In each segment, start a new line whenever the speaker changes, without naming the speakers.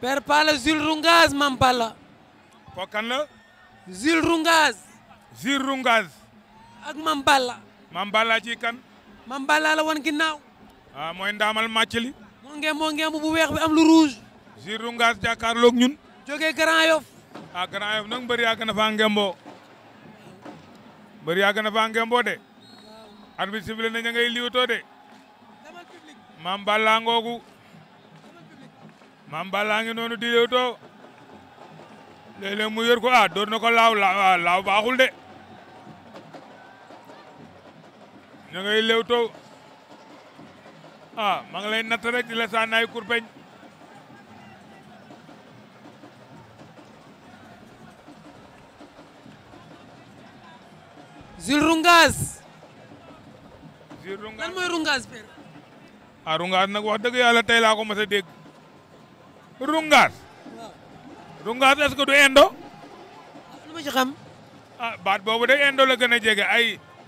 père Palla Jules Roungaz Mame Palla kooku kan la Jules Roungaz Jules Roungaz ak Mame Palla Mame Palla ci kan Mame Palla la wan ah, mooy ndaamal màcc moo ngeem moo bu weex bi am lu rouge Jules Roungaz jàkkaarloog ñun jógee Grand Yoff ah Grand Yoff nag mbër yàgg na faa ngemboo mbër de arbitre sifflé na ña ngay liwtoo de Mame Palla maam Balla ngi noonu di Leewtoo léeg mu yor ko ah ko laaw ah, laaw baaxul de ña ngay Leewtoo ah ma ngi lay di la saa naay kurpeñ Jules Rungaas. Jules Rungaas lan mooy ah, Rungaas nag wax dëgg yàlla tey laa ko mos a dégg. rungaas rungaas est-ce que du indo ma ci xam ah baat boobu de indo la gën a jege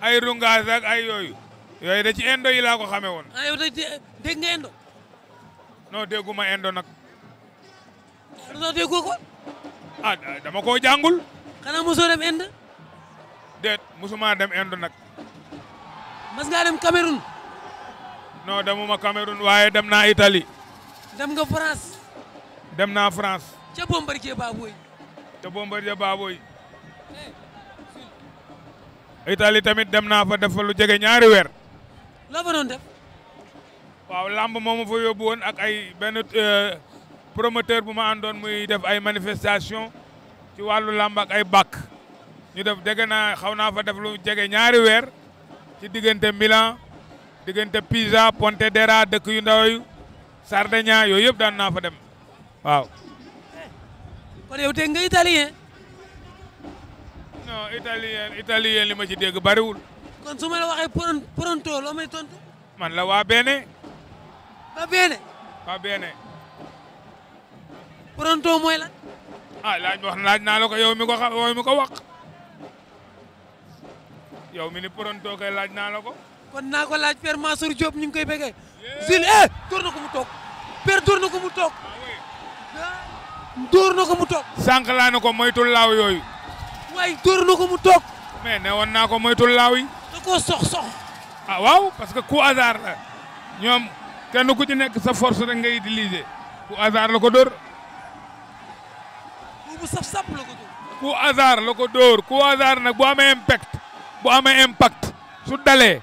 ay rungaas ak ay yooyu yooyu da ci indo yi laa ko xamee woon ah yow nga indo non dégguma indo nag ah, lu tax déggoo ko ah dama koo jàngul xanaa mosoo dem inde déet mosuma dem inde nag mas ngaa dem Cameroun non demuma Cameroun waaye dem naa Italie dem nga France dem naa France. ca Bombardier Baboy. ca Bombardier Baboy. Italie tamit dem naa fa def fa lu jege ñaari weer. la fa doon def. waaw lamb moo ma fa yóbbu woon ak ay benn euh, promoteur bu ma àndoon muy def ay manifestation ci wàllu lamb ak ay bak ñu def jege naa xaw naa fa def lu jege ñaari weer ci diggante Milan diggante Pisa Pontedera dëkk yu ndaw yu Sardegna yooyu yëpp daan naa fa dem. waaw. kon yow dégg nga italien. non italien italien li ma ci dégg bariwul. kon su la waxee pronto loo may man la waa Bene. waa Bene. waa Bene. pronto mooy lan. ah laaj wax laaj naa la ko yow mi ko xam yow mi ko wax. ni pronto kay laaj naa la ko. kon naa ko laaj Père Mansour Diop ñu ngi koy bëggee. Jules eh door mu toog Père door na mu toog. Ah, dóor na ko mu toog. sànq laa ne ko moytul laaw yooyu. waaye dóor na ko mu toog. mais ne naa ko moytul laaw yi. da koo sox sox. ah waaw parce que ku hasard la ñoom kenn ku ci nekk sa force rek nga utiliser. coup hasard la ko dóor. coup bu saf la ko dóor. coup ko bu amee impact bu amee impact su dalee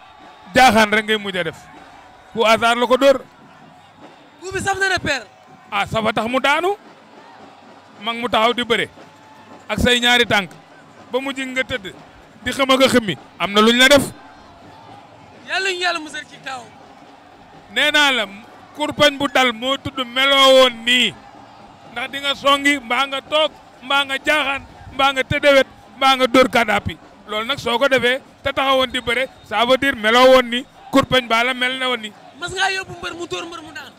jaaxaan rek ngay mujj a def coup hasard la ko dóor. coup bi saf na ne père. Ah, a safa tax mu daanu mag mu taxaw di bëre ak say ñaari tànk ba mu jig nga tëdd di xam ak a am na luñ la def. yàlla ñu mu musal ci taw. nee naa la kurpañ bu dal moo tudd meloo woon nii ndax di nga songi mbaa nga toog mbaa nga jaaxaan mbaa nga tëdd wet mbaa nga dóor kadaapi loolu nag soo ko defee te taxawoon di bëre ça veut meloo woon ni kurpañ baa mel ne woon ni. mas ngaa yóbbu mbër mu dóor mbër mu daan.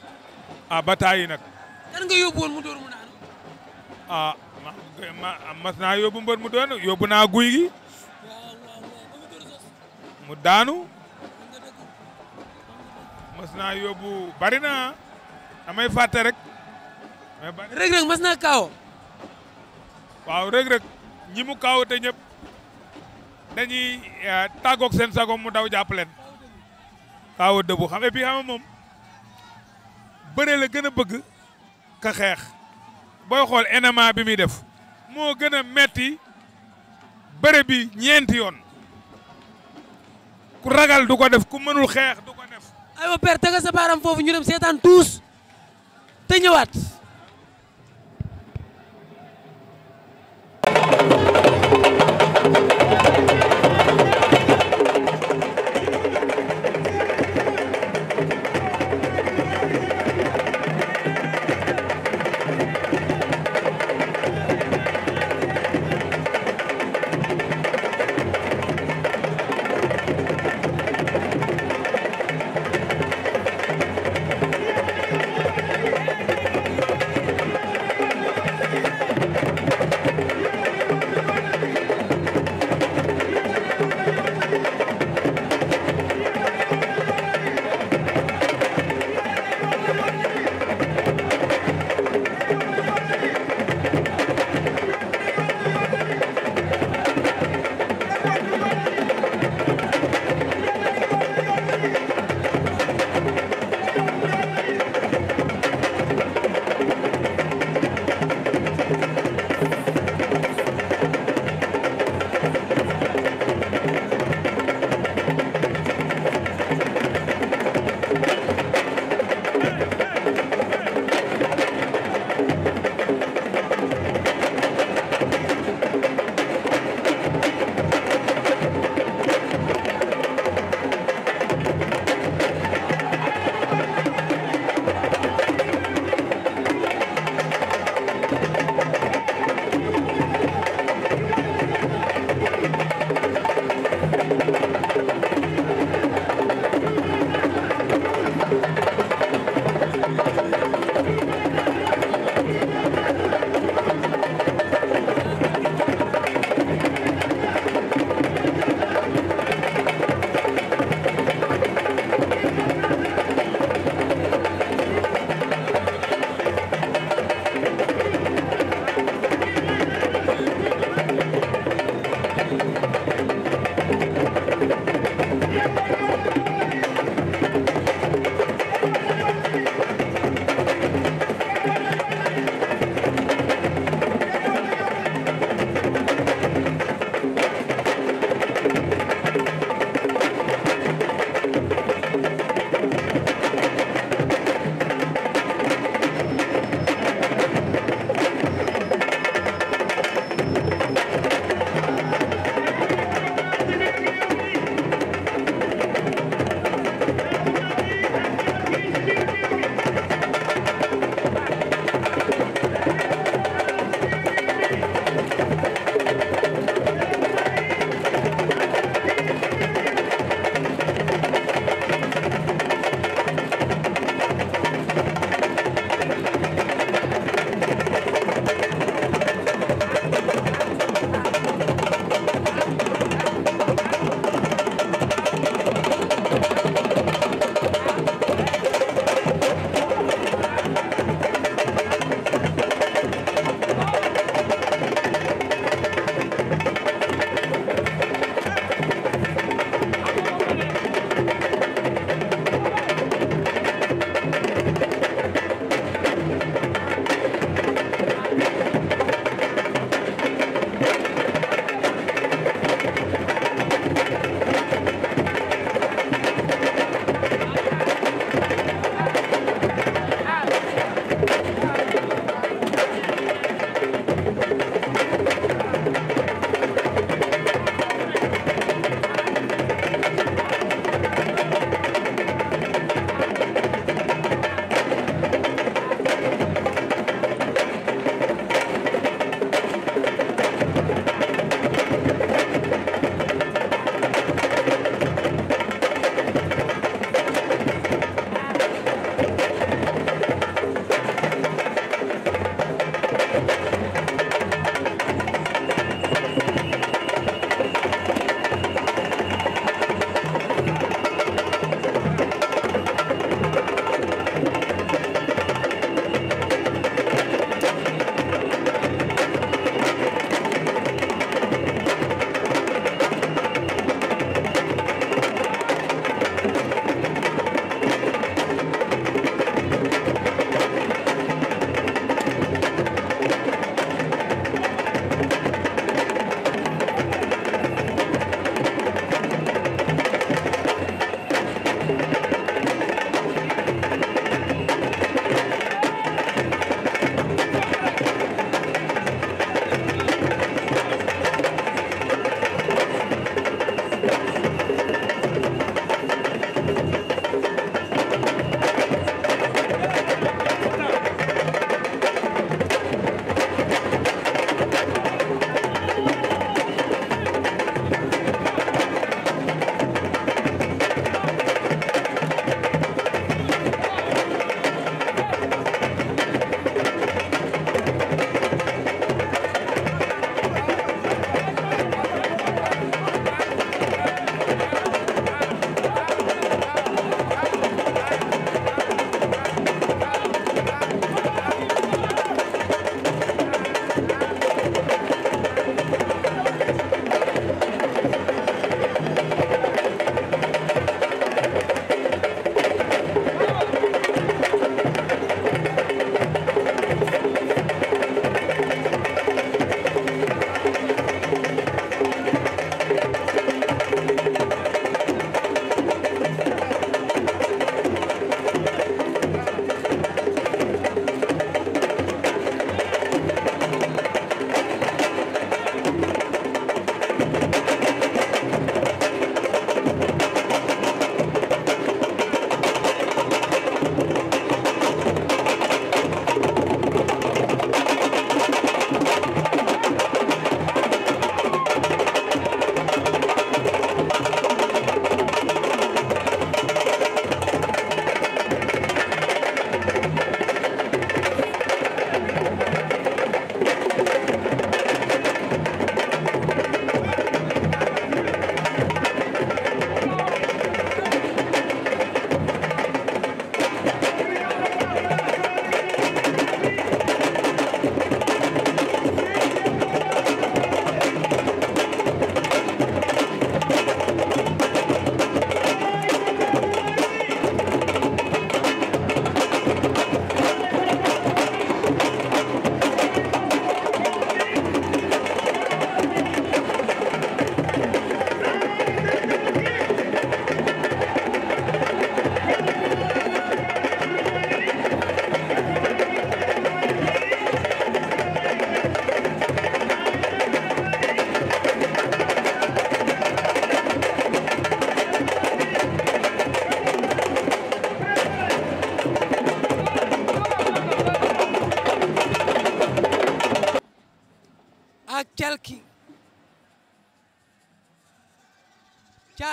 ah ba taay nag. kan nga yóbbu woon mu dóor mu daanu. ah mas naa yóbbu mbër mu doon yóbbu naa guy gi. mu daanu. mas naa yóbbu bari naa damay fàtte rek. rek rek mas naa kaaw. waaw rek rek ñi mu kaaw te ñëpp dañuy eh, tàggoog seen sago mu daw jàpp leen. kaaw dëbbu xam et puis xam moom bëre la gën a bëgg. ka xeex booy xool MMA bi muy def moo gën a metti bëre bi ñeenti yoon ku ragal du ko def ku mënul xeex du ko def. aywa père tega sa baaram foofu ñu dem seetaan tuus te ñëwaat.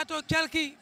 plateau Kelki